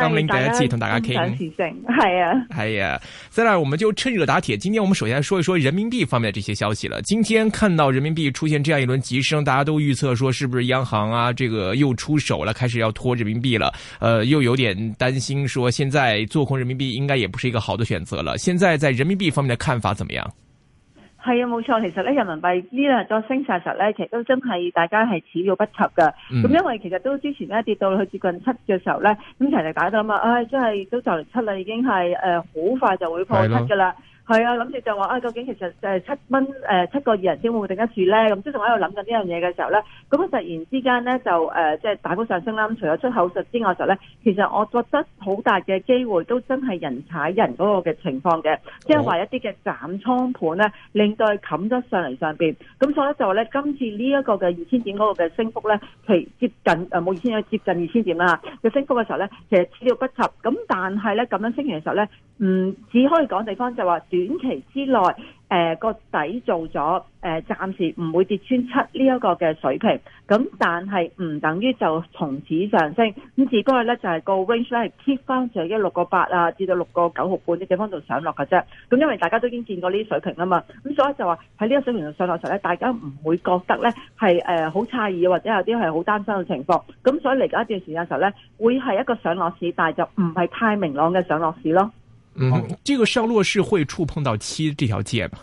歡迎大，大，大家，不講時政，係啊，係啊。Stella，我們就趁熱打鐵。今天我們首先說一說人民幣方面的這些消息了。今天看到人民幣出現這樣一輪急升，大家都預測說是不是央行啊，這個又出手了，開始要拖人民幣了。呃，又有點擔心說現在做空人民幣應該也不是一個好的選擇了。現在在人民幣方面的看法怎麼樣？係啊，冇錯，其實咧人民幣呢兩日再升晒實咧，其實都真係大家係始料不及噶。咁、嗯、因為其實都之前咧跌到去接近七嘅時候咧，咁成日搞到吖嘛？唉、哎，真係都就嚟七啦，已經係誒好快就會破七噶啦。係啊，諗住就話啊、哎，究竟其實就七蚊七個二人先會唔會定得住咧？咁即係我喺度諗緊呢樣嘢嘅時候咧，咁突然之間咧就即係、呃就是、大幅上升啦。除咗出口術之外嘅時候咧，其實我覺得好大嘅機會都真係人踩人嗰個嘅情況嘅、哦，即係話一啲嘅斬倉盤咧令到係冚咗上嚟上邊。咁所以就話咧今次呢一個嘅二千點嗰個嘅升幅咧，其接近冇二千，接近二千點啦嘅升幅嘅時候咧，其實始料不及。咁但係咧咁樣升完嘅時候咧，唔只可以講地方就話。短期之內，誒、呃、個底做咗，誒、呃、暫時唔會跌穿七呢一個嘅水平，咁但係唔等於就從此上升。咁只不過咧就係、是、個 range 咧係 keep 翻上一六個八啊，至到六個九毫半啲地方度上落嘅啫。咁因為大家都已經見過呢啲水平啦嘛，咁所以就話喺呢個水平度上落時咧，大家唔會覺得咧係誒好詫異或者有啲係好擔心嘅情況。咁所以嚟緊一段時間時候咧，會係一個上落市，但係就唔係太明朗嘅上落市咯。嗯、哦，這個上落市會觸碰到七這條界吧。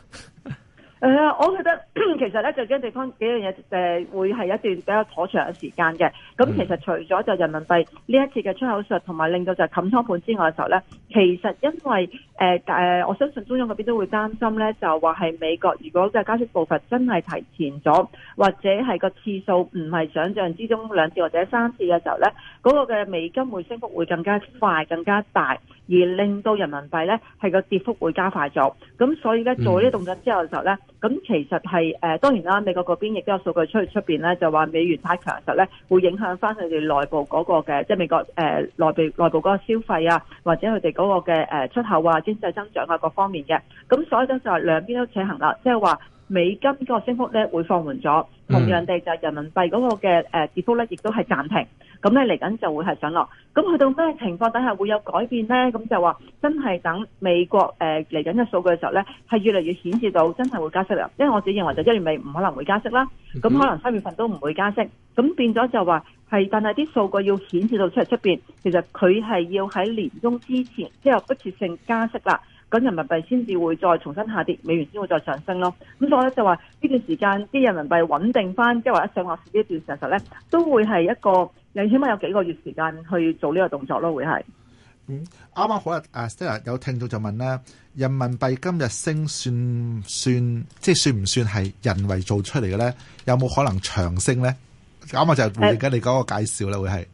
誒、呃，我覺得其實咧就將地方幾樣嘢誒，會係一段比較妥長嘅時間嘅。咁其實除咗就人民幣呢一次嘅出口術，同埋令到就係冚倉盤之外嘅時候咧，其實因為。誒、呃、誒，我相信中央嗰邊都會擔心咧，就話係美國如果嘅加息步伐真係提前咗，或者係個次數唔係想象之中兩次或者三次嘅時候咧，嗰、那個嘅美金會升幅會更加快、更加大，而令到人民幣咧係個跌幅會加快咗。咁所以咧做呢啲動作之後嘅時候咧，咁其實係誒、呃、當然啦，美國嗰邊亦都有數據出出面咧，就話美元太強實咧，會影響返佢哋內部嗰個嘅即係美國誒內、呃、部內部嗰個消費啊，或者佢哋嗰個嘅出口啊。經濟增長啊，各方面嘅，咁所以咧就係兩邊都扯行啦，即係話。美金嗰個升幅咧會放緩咗，同樣地就係人民幣嗰、那個嘅誒跌幅咧，亦、mm-hmm. 都係暫停。咁咧嚟緊就會係上落。咁去到咩情況底下會有改變咧？咁就話真係等美國誒嚟緊嘅數據嘅時候咧，係越嚟越顯示到真係會加息㗎。因為我自己認為就一月尾唔可能會加息啦，咁可能三月份都唔會加息。咁變咗就話係，但係啲數據要顯示到出出面。其實佢係要喺年中之前之後、即係、不時性加息啦。咁人民幣先至會再重新下跌，美元先會再上升咯。咁所以咧就話呢段時間啲人民幣穩定返，即係話一上下呢一段時間，其實咧都會係一個，你起碼有幾個月時間去做呢個動作咯，會係。嗯，啱啱好啊，Stella 有聽到就問啦，人民幣今日升算算，即係算唔算係人為做出嚟嘅咧？有冇可能長升咧？啱啱就係而家你講嘅介紹啦，會係。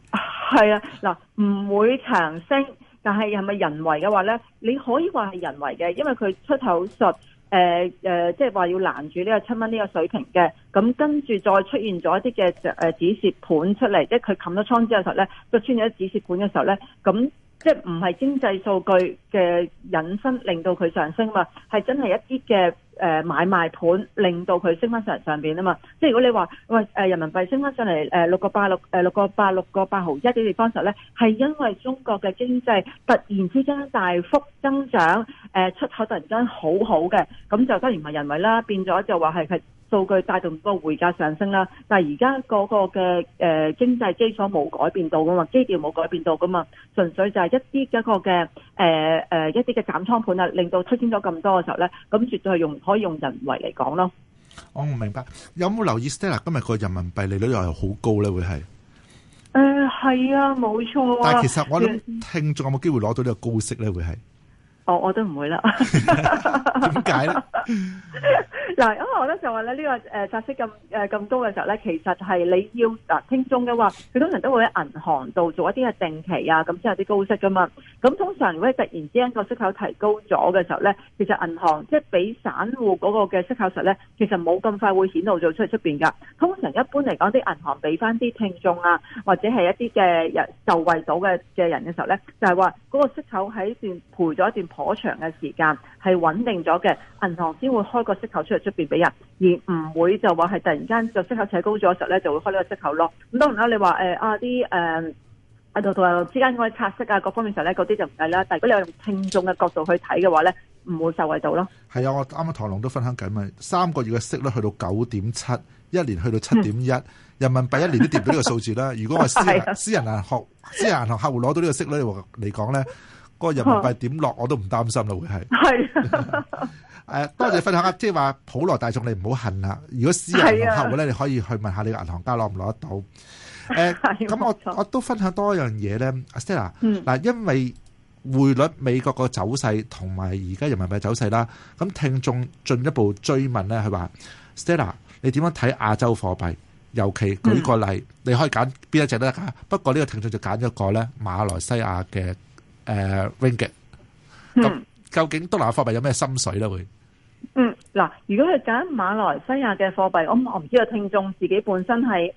係啊，嗱，唔會長升。但係係咪人為嘅話咧？你可以話係人為嘅，因為佢出口術，誒、呃、誒，即係話要攔住呢個七蚊呢個水平嘅。咁跟住再出現咗一啲嘅誒止蝕盤出嚟，即係佢冚咗倉之後嘅時候咧，個出現咗止蝕盤嘅時候咧，咁即係唔係經濟數據嘅引申令到佢上升嘛？係真係一啲嘅。誒買賣盤令到佢升翻上上邊啊嘛，即係如果你話喂，誒人民幣升翻上嚟誒六個八六誒六個八六個八毫一嘅地方時候咧，係因為中國嘅經濟突然之間大幅增長，誒出口突然間好好嘅，咁就當然唔係人為啦，變咗就話係。數據帶動個匯價上升啦，但係而家嗰個嘅誒經濟基礎冇改變到噶嘛，基調冇改變到噶嘛，純粹就係一啲一個嘅誒誒一啲嘅減倉盤啊，令到出現咗咁多嘅時候咧，咁絕對係用可以用人為嚟講咯。我唔明白，有冇留意 Stella 今日個人民幣利率又係好高咧？會係誒係啊，冇錯啊。但係其實我哋聽眾有冇機會攞到呢個高息咧？會係？哦、oh， 麼 我都唔會啦。點解啦？嗱，因為我咧就話咧呢個誒息咁誒咁高嘅時候咧，其實係你要嗱聽眾嘅話，佢通常都會喺銀行度做一啲嘅定期啊，咁先有啲高息噶嘛。咁通常如果突然之間個息口提高咗嘅時候咧，其實銀行即係俾散戶嗰個嘅息口實咧，其實冇咁快會顯露咗出出邊噶。通常一般嚟講，啲銀行俾翻啲聽眾啊，或者係一啲嘅人受惠到嘅嘅人嘅時候咧，就係話嗰個息口喺一段賠咗一段。可長嘅時間係穩定咗嘅，銀行先會開個息口出嚟出邊俾人，而唔會就話係突然間就息口扯高咗嘅時候咧，就會開呢個息口咯。咁當然啦，你話誒啊啲誒度同銀行之間嗰啲拆息啊，各方面時候咧，嗰啲就唔計啦。但如果你用聽眾嘅角度去睇嘅話咧，唔會受惠到咯。係啊，我啱啱唐龍都分享緊咪，三個月嘅息率去到九點七，一年去到七點一，人民幣一年都跌到呢個數字啦。 如果我私私人銀、 啊、行、私人銀行客戶攞到呢個息率嚟講咧。個人民幣點落我都唔擔心啦，會係。係。誒，多謝分享啊！即係話普羅大眾，你唔好恨啦。如果私人客戶咧，你可以去問下你個銀行家攞唔攞得到。誒、啊，咁、欸啊、我我都分享多一樣嘢咧，Stella。嗱，因為匯率美國個走勢同埋而家人民幣走勢啦，咁聽眾進一步追問咧，佢話、啊、：Stella，你點樣睇亞洲貨幣？尤其舉個例，嗯、你可以揀邊一隻都得噶。不過呢個聽眾就揀咗個咧馬來西亞嘅。誒，ring 嘅咁，究竟東南亞貨幣有咩心水咧？會嗯，嗱、嗯，如果係揀馬來西亞嘅貨幣，我唔知道我唔知個聽眾自己本身係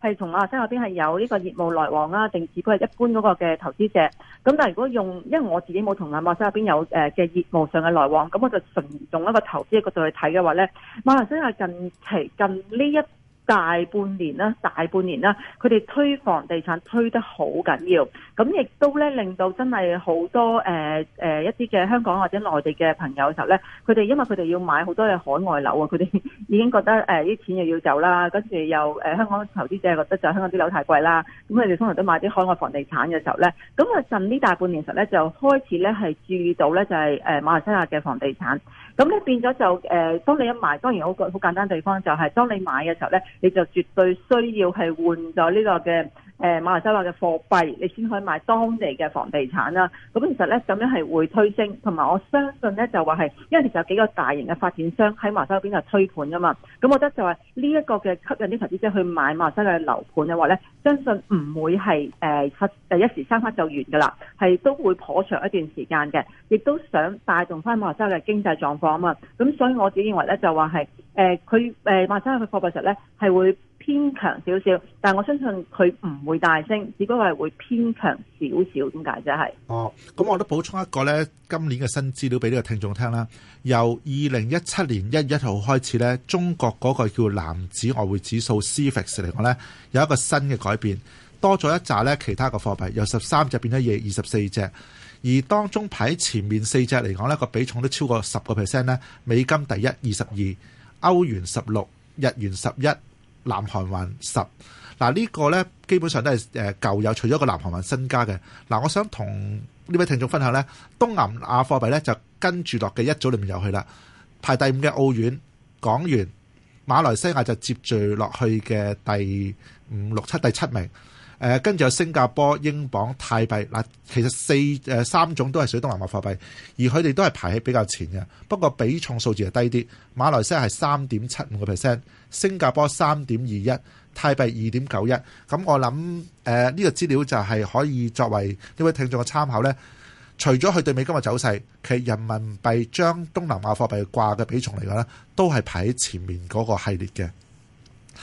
係同馬來西亞邊係有呢個業務來往啦，定是佢係一般嗰個嘅投資者。咁但係如果用，因為我自己冇同馬來西亞邊有誒嘅業務上嘅來往，咁我就純用一個投資嘅角度去睇嘅話咧，馬來西亞近期近呢一。大半年啦，大半年啦，佢哋推房地產推得好緊要，咁亦都咧令到真係好多誒一啲嘅香港或者內地嘅朋友嘅時候咧，佢哋因為佢哋要買好多嘅海外樓啊，佢哋已經覺得誒啲錢又要走啦，跟住又香港投資者覺得就香港啲樓太貴啦，咁佢哋通常都買啲海外房地產嘅時候咧，咁啊近呢大半年時候咧就開始咧係注意到咧就係誒馬來西亞嘅房地產，咁咧變咗就誒當你一買，當然好好簡單地方就係當你買嘅時候咧。你就絕對需要係換咗呢個嘅。誒馬來西亞嘅貨幣，你先可以買當地嘅房地產啦。咁其實咧，咁樣係會推升，同埋我相信咧就話係，因為其實有幾個大型嘅發展商喺馬來西亞邊度推盤噶嘛。咁我覺得就話呢一個嘅吸引啲投資者去買馬來西亞嘅樓盤嘅話咧，相信唔會係、呃、一時三刻就完噶啦，係都會頗長一段時間嘅，亦都想帶動翻馬來西亞嘅經濟狀況啊嘛。咁所以我自己認為咧就話係誒佢馬來西亞嘅貨幣上咧係會偏強少少，但係我相信佢唔會大升，只不過係會偏強少少。點解啫？係哦，咁我都補充一個呢今年嘅新資料俾呢個聽眾聽啦。由二零一七年一月一號開始呢，中國嗰個叫籃子外匯指數 CFETS 嚟講呢，有一個新嘅改變，多咗一隻呢，其他嘅貨幣由十三隻變咗二二十四隻。而當中排前面四隻嚟講呢，個比重都超過十個 percent 呢。美金第一，二十二，歐元十六，日元十一。南韓還十，嗱呢個呢基本上都係誒舊友，除咗個南韓還新加嘅，嗱我想同呢位聽眾分享呢東南亞貨幣呢就跟住落嘅一組裡面入去啦，排第五嘅澳元、港元，馬來西亞就接住落去嘅第五、六、七、第七名。誒、啊、跟住有新加坡英鎊、泰幣嗱、啊，其實四誒、啊、三種都係屬於東南亞貨幣，而佢哋都係排喺比較前嘅。不過比重數字係低啲，馬來西亞係三點七五個 percent，新加坡三點二一，泰幣二點九一。咁我諗誒呢個資料就係可以作為呢位聽眾嘅參考咧。除咗佢對美金嘅走勢，其實人民幣將東南亞貨幣掛嘅比重嚟講咧，都係排喺前面嗰個系列嘅。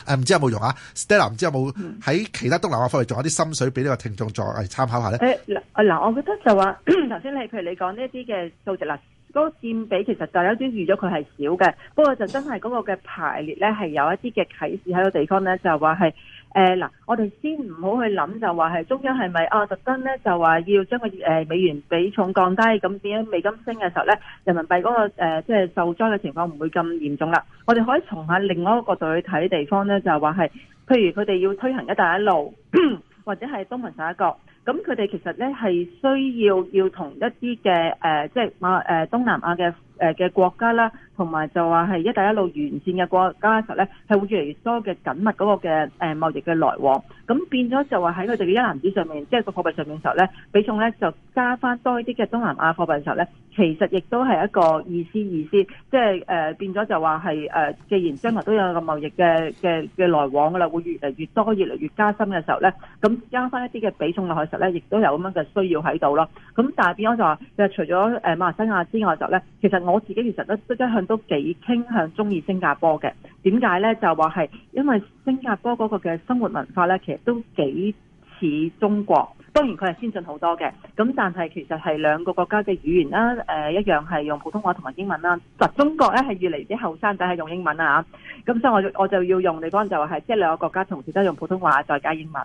誒，唔知有冇用啊？Stella，唔知有冇喺其他東南亞方面，仲有啲心水俾呢個聽眾再嚟參考下咧？誒，嗱，我覺得就話頭先，剛才你譬如你講呢一啲嘅數值啦嗰、嗰個佔比其實就有啲預咗佢係少嘅，不過就真係嗰個嘅排列咧，係有一啲嘅啟示喺個地方咧，就話係。誒、呃、嗱，我哋先唔好去諗就話係中央係咪啊，特登咧就話要將個誒美元比重降低，咁點樣美金升嘅時候咧，人民幣嗰、那個誒即係受災嘅情況唔會咁嚴重啦。我哋可以從下另外一個角度去睇地方咧，就係話係，譬如佢哋要推行一帶一路 或者係東盟十一國，咁佢哋其實咧係需要要同一啲嘅誒即係馬誒東南亞嘅。誒嘅國家啦，同埋就話係一帶一路完善嘅國家嘅時候咧，係會越嚟越多嘅緊密嗰個嘅誒貿易嘅來往，咁變咗就話喺佢哋嘅一籃子上面，即係個貨幣上面嘅時候咧，比重咧就加翻多啲嘅東南亞貨幣嘅時候咧，其實亦都係一個意思意思，即係誒變咗就話係既然將來都有個貿易嘅嘅嘅來往噶啦，會越嚟越多，越嚟越加深嘅時候咧，咁加翻一啲嘅比重落去嘅時候咧，亦都有咁樣嘅需要喺度咯。咁但係變咗就話，其實除咗誒馬來西亞之外時候咧，其實我自己其實都一向都幾傾向中意新加坡嘅，點解呢？就話係因為新加坡嗰個嘅生活文化呢，其實都幾似中國。當然佢係先進好多嘅，咁但係其實係兩個國家嘅語言啦，誒、呃、一樣係用普通話同埋英文啦。但中國呢，係越嚟啲後生仔係用英文啦咁、啊、所以我我就要用你講就話係即係兩個國家同時都用普通話再加英文，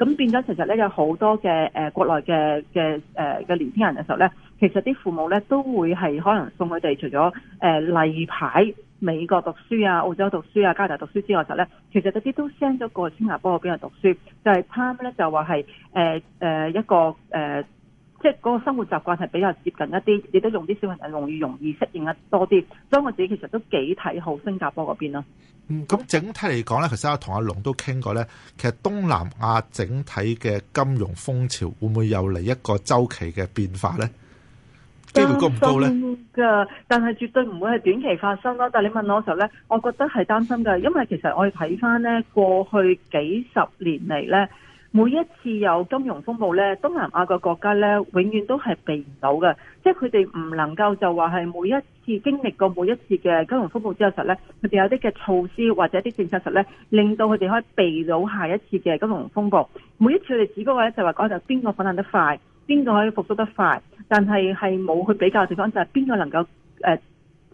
咁變咗其實呢，有好多嘅誒國內嘅嘅誒嘅年輕人嘅時候呢。其實啲父母咧都會係可能送佢哋除咗誒、呃、例牌美國讀書啊、澳洲讀書啊、加拿大讀書之外，實咧其實嗰啲都 send 咗過新加坡嗰邊讀書。就係、是、Pam 咧就話係誒一個誒、呃，即係嗰個生活習慣係比較接近一啲，亦都用啲小朋友容易容易適應得多啲。所以我自己其實都幾睇好新加坡嗰邊咯、啊。嗯，咁整體嚟講咧，其實我同阿龍都傾過咧，其實東南亞整體嘅金融風潮會唔會又嚟一個周期嘅變化咧？機會高唔高呢？擔心㗎，但係絕對唔會係短期發生咯。但係你問我嘅時候呢，我覺得係擔心噶，因為其實我哋睇翻呢過去幾十年嚟呢，每一次有金融風暴呢，東南亞嘅國家呢，永遠都係避唔到嘅。即係佢哋唔能夠就話係每一次經歷過每一次嘅金融風暴之後實呢，佢哋有啲嘅措施或者啲政策實呢，令到佢哋可以避到下一次嘅金融風暴。每一次佢哋只不過呢就話講就邊個反彈得快，邊個可以復蘇得快。但係係冇去比較地方，就係邊個能夠誒，即、呃、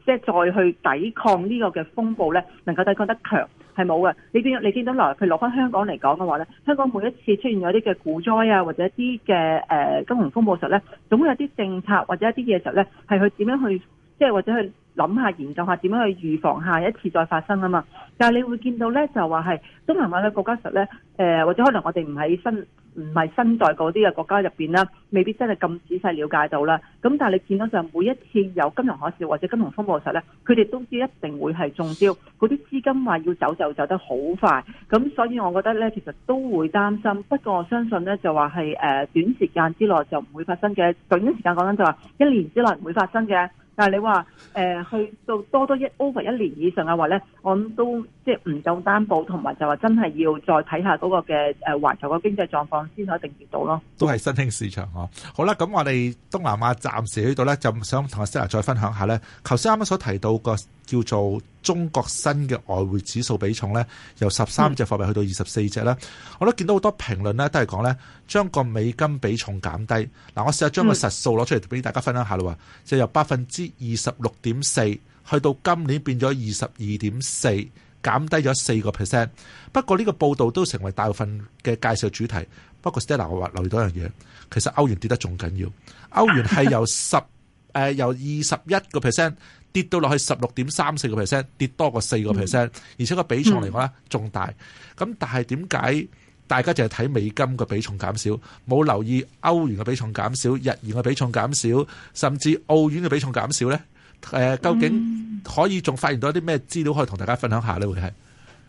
係再去抵抗呢個嘅風暴咧？能夠抵抗得強係冇嘅。呢邊你見到來，譬如落翻香港嚟講嘅話咧，香港每一次出現咗啲嘅股災啊，或者一啲嘅誒金融風暴嘅時候咧，總會有啲政策或者一啲嘢嘅時候咧，係去點樣去？即係或者去諗下、研究下點樣去預防下一次再發生啊嘛。但係你會見到咧，就話係東南亞嘅國家實咧，誒或者可能我哋唔喺新唔係新代嗰啲嘅國家入邊啦，未必真係咁仔細了解到啦。咁但係你見到就係每一次有金融海嘯或者金融風暴實咧，佢哋都知道一定會係中招，嗰啲資金話要走就走得好快。咁所以我覺得咧，其實都會擔心。不過我相信咧，就話係誒短時間之內就唔會發生嘅。短時間講緊就話一年之內唔會發生嘅。但係你話誒、呃、去到多多一 over 一年以上嘅話咧，我都即係唔夠擔保，同埋就話真係要再睇下嗰個嘅誒環球嘅經濟狀況先可以定奪到咯。都係新興市場嗬、啊。好啦，咁我哋東南亞暫時呢度咧，就想同阿 Stella 再分享下咧，頭先啱啱所提到個叫做。中國新嘅外匯指數比重咧，由十三隻貨幣去到二十四隻啦、嗯。我都見到好多評論咧，都係講咧將個美金比重減低。嗱，我試下將個實數攞出嚟俾大家分享下咯。喎、嗯，就係、由百分之二十六點四去到今年變咗二十二點四，減低咗四個 percent。不過呢個報導都成為大部分嘅介紹主題。不過 Stella 我話留意到一樣嘢，其實歐元跌得仲緊要。歐元係由十。誒由二十一個 percent 跌到落去十六點三四個 percent，跌多過四個 percent，而且個比重嚟講咧仲大、嗯。咁但係點解大家淨係睇美金個比重減少，冇留意歐元嘅比重減少、日元嘅比重減少，甚至澳元嘅比重減少咧？誒，究竟可以仲發現到一啲咩資料可以同大家分享下呢？會係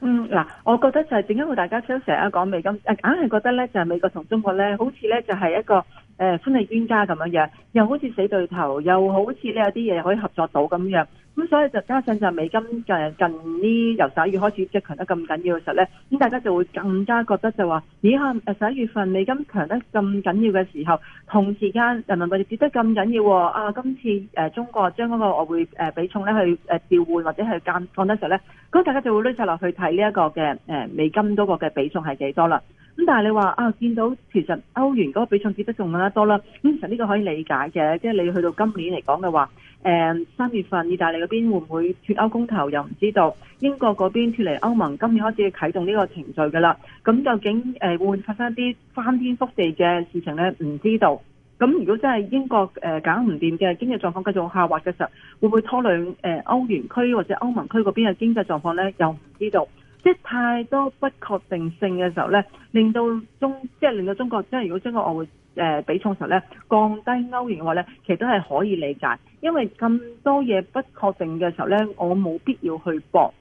嗯嗱，我覺得就係點解會大家成日講美金，硬係覺得咧就係美國同中國咧好似咧就係一個。誒，兄弟冤家咁樣樣，又好似死對頭，又好似呢有啲嘢可以合作到咁樣，咁所以就加上就美金近近呢由十一月開始即係強得咁緊要嘅時候咧，咁大家就會更加覺得就話，咦下誒十一月份美金強得咁緊要嘅時候，同時間人民幣跌得咁緊要啊，今次中國將嗰個外匯比重咧去誒調換或者去減降得嘅時候咧，咁大家就會攞晒落去睇呢一個嘅美金嗰個嘅比重係幾多啦？咁但係你話啊，見到其實歐元嗰個比重跌得仲更加多啦。咁、嗯、其實呢個可以理解嘅，即係、就係、你去到今年嚟講嘅話，誒、嗯、三月份意大利嗰邊會唔會脱歐公投又唔知道，英國嗰邊脱離歐盟，今年開始啟動呢個程序噶啦。咁究竟誒、呃、會唔會發生一啲翻天覆地嘅事情咧？唔知道。咁如果真係英國誒、呃、搞唔掂嘅經濟狀況繼續下滑嘅時候，會唔會拖累誒、呃、歐元區或者歐盟區嗰邊嘅經濟狀況咧？又唔知道。即係太多不確定性嘅時候咧，令到中即係、就是、令到中國即係如果中國外匯誒比重嘅時候咧，降低歐元嘅話咧，其實都係可以理解，因為咁多嘢不確定嘅時候咧，我冇必要去搏，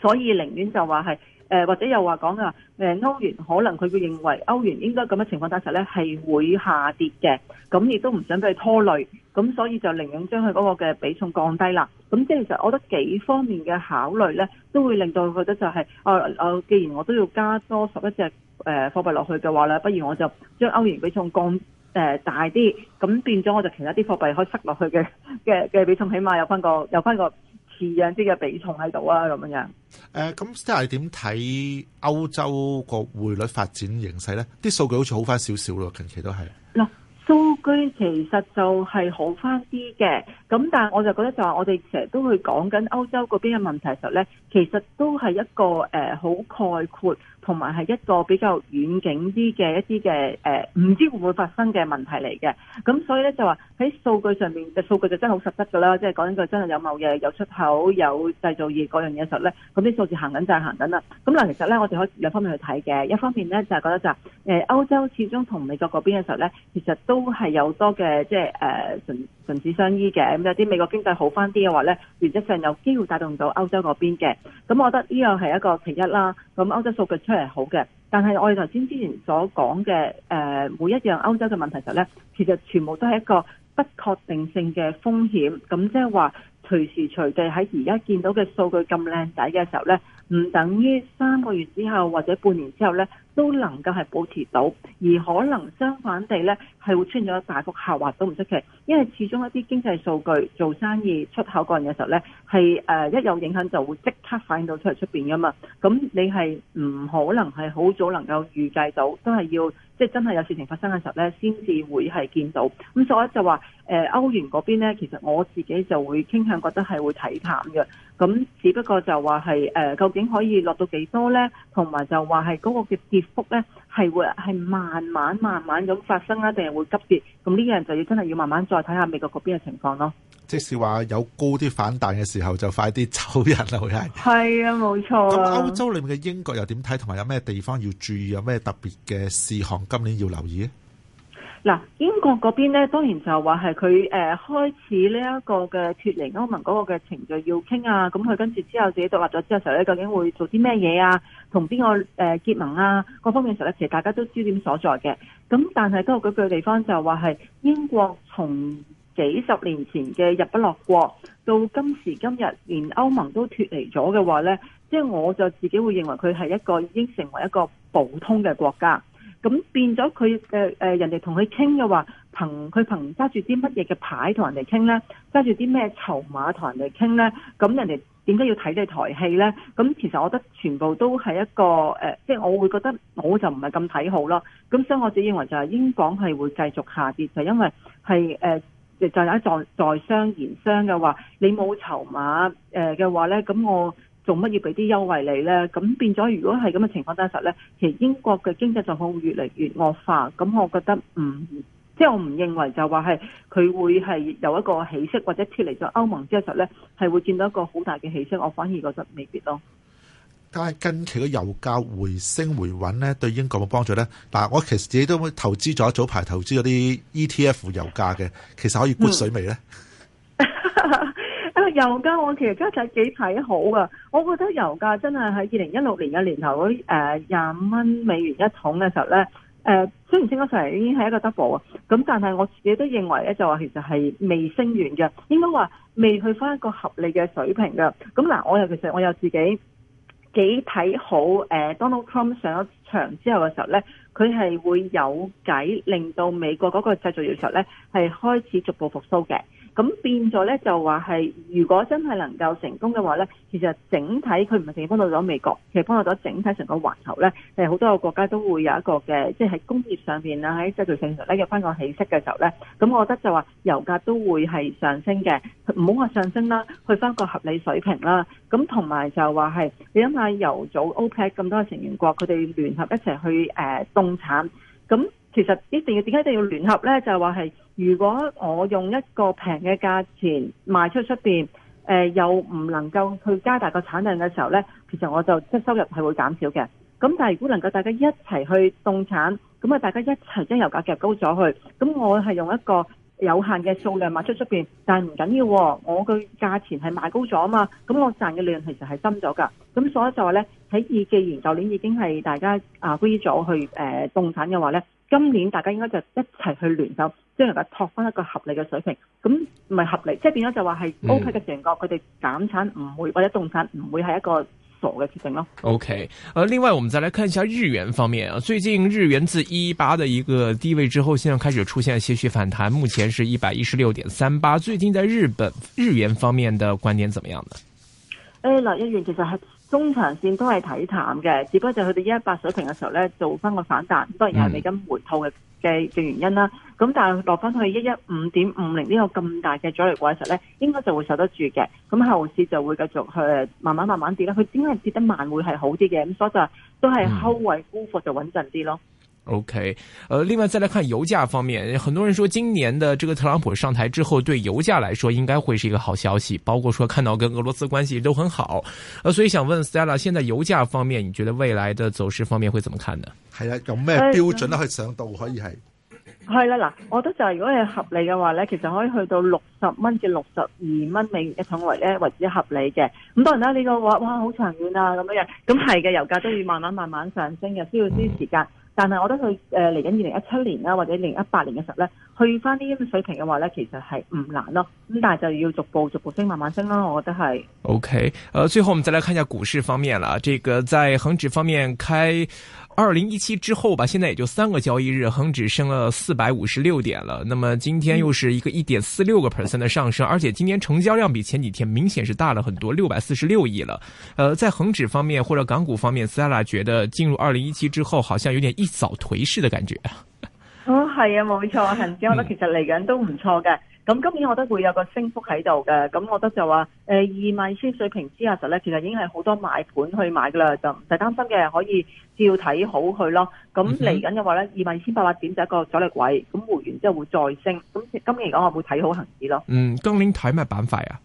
所以寧願就話係。誒或者又話講啊，誒歐元可能佢會認為歐元應該咁嘅情況底下呢咧係會下跌嘅，咁亦都唔想俾佢拖累，咁所以就寧願將佢嗰個嘅比重降低啦。咁即係其實我覺得幾方面嘅考慮咧，都會令到佢覺得就係，哦哦，既然我都要加多十一隻誒貨幣落去嘅話咧，不如我就將歐元比重降誒大啲，咁變咗我就其他啲貨幣可以塞落去嘅嘅嘅比重，起碼有翻個有翻個，有返個有啲嘅比重喺度啊，咁樣樣。誒，咁即係點睇歐洲個匯率發展形勢咧？啲數據好似好翻少少咯，近期都係。嗱，數據其實就係好翻啲嘅，咁但係我就覺得就係我哋成日都會講緊歐洲嗰邊嘅問題時候咧。其實都係一個誒好、呃、概括，同埋係一個比較遠景啲嘅一啲嘅誒，唔、呃、知會唔會發生嘅問題嚟嘅。咁所以咧就話喺數據上面，嘅數據就真係好實質㗎啦，即係講緊佢真係有貿易、有出口、有製造業嗰樣嘢嘅時候咧，咁啲數字行緊就係行緊啦。咁嗱，其實咧我哋可以兩方面去睇嘅，一方面咧就係、是、覺得就誒、是呃、歐洲始終同美國嗰邊嘅時候咧，其實都係有多嘅即係誒唇齒相依嘅。咁有啲美國經濟好翻啲嘅話咧，原則上有機會帶動到歐洲嗰邊嘅。咁我覺得呢個係一個其一啦，咁歐洲數據出嚟好嘅，但係我哋頭先之前所講嘅，誒每一樣歐洲嘅問題實呢其實全部都係一個不確定性嘅風險，咁即係話隨時隨地喺而家見到嘅數據咁靚仔嘅時候呢。唔等於三個月之後或者半年之後呢，都能夠係保持到，而可能相反地呢，係會出現咗大幅下滑都唔出奇，因為始終一啲經濟數據、做生意、出口嗰人嘅時候呢，係一有影響就會即刻反映到出嚟出面噶嘛。咁你係唔可能係好早能夠預計到，都係要即係、就是、真係有事情發生嘅時候呢，先至會係見到。咁所以就話誒歐元嗰邊呢，其實我自己就會傾向覺得係會睇淡嘅。咁只不過就話係誒，究竟可以落到幾多咧？同埋就話係嗰個嘅跌幅咧，係會係慢慢慢慢咁發生啊，定係會急跌？咁呢樣就要真係要慢慢再睇下美國嗰邊嘅情況咯。即使話有高啲反彈嘅時候，就快啲走人啦，係咪？係啊，冇錯啊。咁歐洲裏面嘅英國又點睇？同埋有咩地方要注意？有咩特別嘅事項？今年要留意咧？嗱，英國嗰邊咧，當然就話係佢開始呢一個嘅脱離歐盟嗰個嘅程序要傾啊，咁佢跟住之後自己獨立咗之後時候咧，究竟會做啲咩嘢啊？同邊個結盟啊？各方面時候咧，其實大家都焦點所在嘅。咁但係嗰個嗰地方就話係英國從幾十年前嘅日不落國，到今時今日連歐盟都脱離咗嘅話咧，即、就、係、是、我就自己會認為佢係一個已經成為一個普通嘅國家。咁變咗佢嘅，誒，人哋同佢傾嘅話，憑佢憑揸住啲乜嘢嘅牌同人哋傾咧，揸住啲咩籌碼同人哋傾咧，咁人哋點解要睇你台戲咧？咁其實我覺得全部都係一個誒、呃，即係我會覺得我就唔係咁睇好咯。咁所以我自認認為就係英鎊係會繼續下跌就是、因為係誒、呃，就係一在在商言商嘅話，你冇籌碼誒嘅、呃、話咧，咁我。做乜要俾啲優惠你咧？咁變咗，如果係咁嘅情況之下咧，其實英國嘅經濟狀況會越嚟越惡化。咁我覺得唔，即係我唔認為就話係佢會係有一個起色，或者脫離咗歐盟之後咧，係會見到一個好大嘅起色。我反而覺得未必咯。但係近期嘅油價回升回穩咧，對英國有冇幫助咧？嗱，我其實自己都投資咗早排投資嗰啲 ETF 油價嘅，其實可以撲水未咧？嗯油價我其實而家就係幾睇好噶，我覺得油價真係喺二零一六年嘅年頭嗰廿五蚊美元一桶嘅時候咧，誒雖然升咗上嚟已經係一個 double 啊，咁但係我自己都認為咧就話其實係未升完嘅，應該話未去翻一個合理嘅水平噶。咁嗱，我又其實我又自己幾睇好誒 Donald Trump 上咗場之後嘅時候咧，佢係會有計令到美國嗰個製造業嘅時候咧係開始逐步復甦嘅。咁變咗咧，就話係如果真係能夠成功嘅話咧，其實整體佢唔係淨幫到咗美國，其實幫到咗整體成個環球咧，誒好多個國家都會有一個嘅，即係喺工業上邊啊，喺製造業上咧有翻個起色嘅時候咧，咁我覺得就話油價都會係上升嘅，唔好話上升啦，去翻個合理水平啦。咁同埋就話係你諗下，油組 OPEC 咁多個成員國佢哋聯合一齊去誒凍產咁。其實一定要點解一定要聯合呢？就係話係，如果我用一個平嘅價錢賣出出面，呃、又唔能夠去加大個產量嘅時候呢，其實我就即收入係會減少嘅。咁但係如果能夠大家一齊去凍產，咁啊大家一齊將油價夾高咗去，咁我係用一個有限嘅數量賣出出面，但唔緊要、啊，我個價錢係賣高咗啊嘛，咁我賺嘅量其實係深咗噶。咁所以就話咧，喺二，既然舊年已經係大家啊歸咗、啊、去誒凍、呃、產嘅話咧，今年大家應該就一齊去聯手，即係能夠拓翻一個合理嘅水平。咁唔係合理，即係變咗就話係 O K 嘅成個。佢、mm. 哋減產唔會或者凍產唔會係一個。嘅決定咯。OK，、呃、另外，我們再來看一下日元方面啊。最近日元自一一八的一個低位之後，現在開始出現了些許反彈，目前是一百一十六點三八。最近在日本日元方面的觀點怎麼樣呢？誒、哎，嗱、呃，日元其實係中長線都係睇淡嘅，只不過就佢哋一一八水平嘅時候咧，做翻個反彈，當然係美金回吐嘅嘅原因啦。嗯咁但係落翻去一一五點五零呢個咁大嘅阻力位嘅呢，咧，應該就會受得住嘅。咁後市就會繼續去慢慢慢慢跌啦。佢點解跌得慢會係好啲嘅？咁所以就都係後衛沽貨就穩陣啲咯。嗯，OK，呃，另外再來看油價方面，很多人說今年的這個特朗普上台之後，對油價來說應該會是一個好消息。包括說看到跟俄羅斯關係都很好，呃，所以想問 Stella，現在油價方面，你覺得未來的走勢方面會怎麼看呢？係啊，用咩標準去上到可以係？係啦，嗱，我覺得就係如果係合理嘅話咧，其實可以去到六十蚊至六十二蚊美元嘅範圍咧為止合理嘅。咁當然啦，呢個話哇好長遠啊咁樣，咁係嘅，油價都要慢慢慢慢上升嘅，需要啲時間。但係我覺得佢誒嚟緊二零一七年啦，或者二零一八年嘅時候咧，去翻啲咁嘅水平嘅話咧，其實係唔難咯。咁但係就要逐步逐步升，慢慢升啦。我覺得係。OK，誒、呃，最後我們再來看一下股市方面啦。呢個在恒指方面開。二零一七之後吧，現在也就三個交易日，恒指升了四百五十六點了。那麼今天又是一個一點四六個 percent 的上升，而且今天成交量比前幾天明顯是大了很多，六百四十六億了。呃，在恒指方面或者港股方面，Stella 覺得進入二零一七之後，好像有點一掃頹勢的感覺哦。係啊，冇錯，恒指我覺得其實嚟緊都唔錯嘅。咁今年我覺得會有個升幅喺度嘅，咁我覺得就話二萬二千水平之下實咧，其實已經係好多買盤去買㗎啦，就唔使擔心嘅，可以照睇好佢咯。咁嚟緊嘅話咧，二萬二千八百點就一個阻力位，咁回完之後會再升。咁今年嚟講，我會睇好恒指咯。嗯，今年睇咩板塊啊？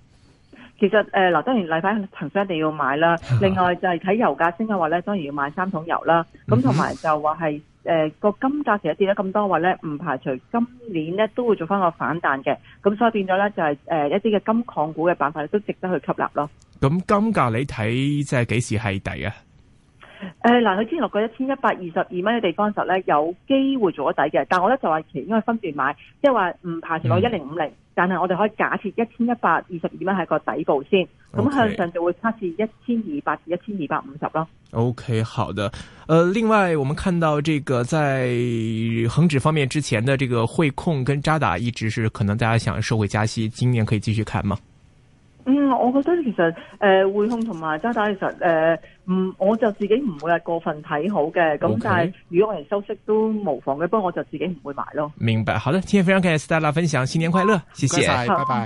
其實誒，嗱、呃，當然禮拜騰訊一定要買啦。另外就係睇油價升嘅話咧，當然要買三桶油啦。咁同埋就話係。誒，個金價其實跌咗咁多話咧，唔排除今年咧都會做翻個反彈嘅，咁所以變咗咧就係誒一啲嘅金礦股嘅板塊都值得去吸納咯。咁金價你睇即係幾時係底啊？誒、嗯，嗱，佢之前落過一千一百二十二蚊嘅地方實咧，有機會做咗底嘅。但係我咧就話，其實應該分別買，即係話唔排除落一零五零，但係我哋可以假設一千一百二十二蚊係個底部先，咁向上就會測試一千二百、至一千二百五十咯。OK，好的。呃，另外，我們看到這個在恒指方面之前的這個匯控跟渣打一直是，可能大家想收回加息，今年可以繼續看嗎？嗯，我覺得其實誒匯控同埋渣打其實誒嗯、呃，我就自己唔會係過分睇好嘅，咁、okay? 但係如果有人收息都無妨嘅，不過我就自己唔會買咯。明白，好的，今日非常感謝 Stella 分享，新年快樂，謝謝，謝謝拜拜。拜拜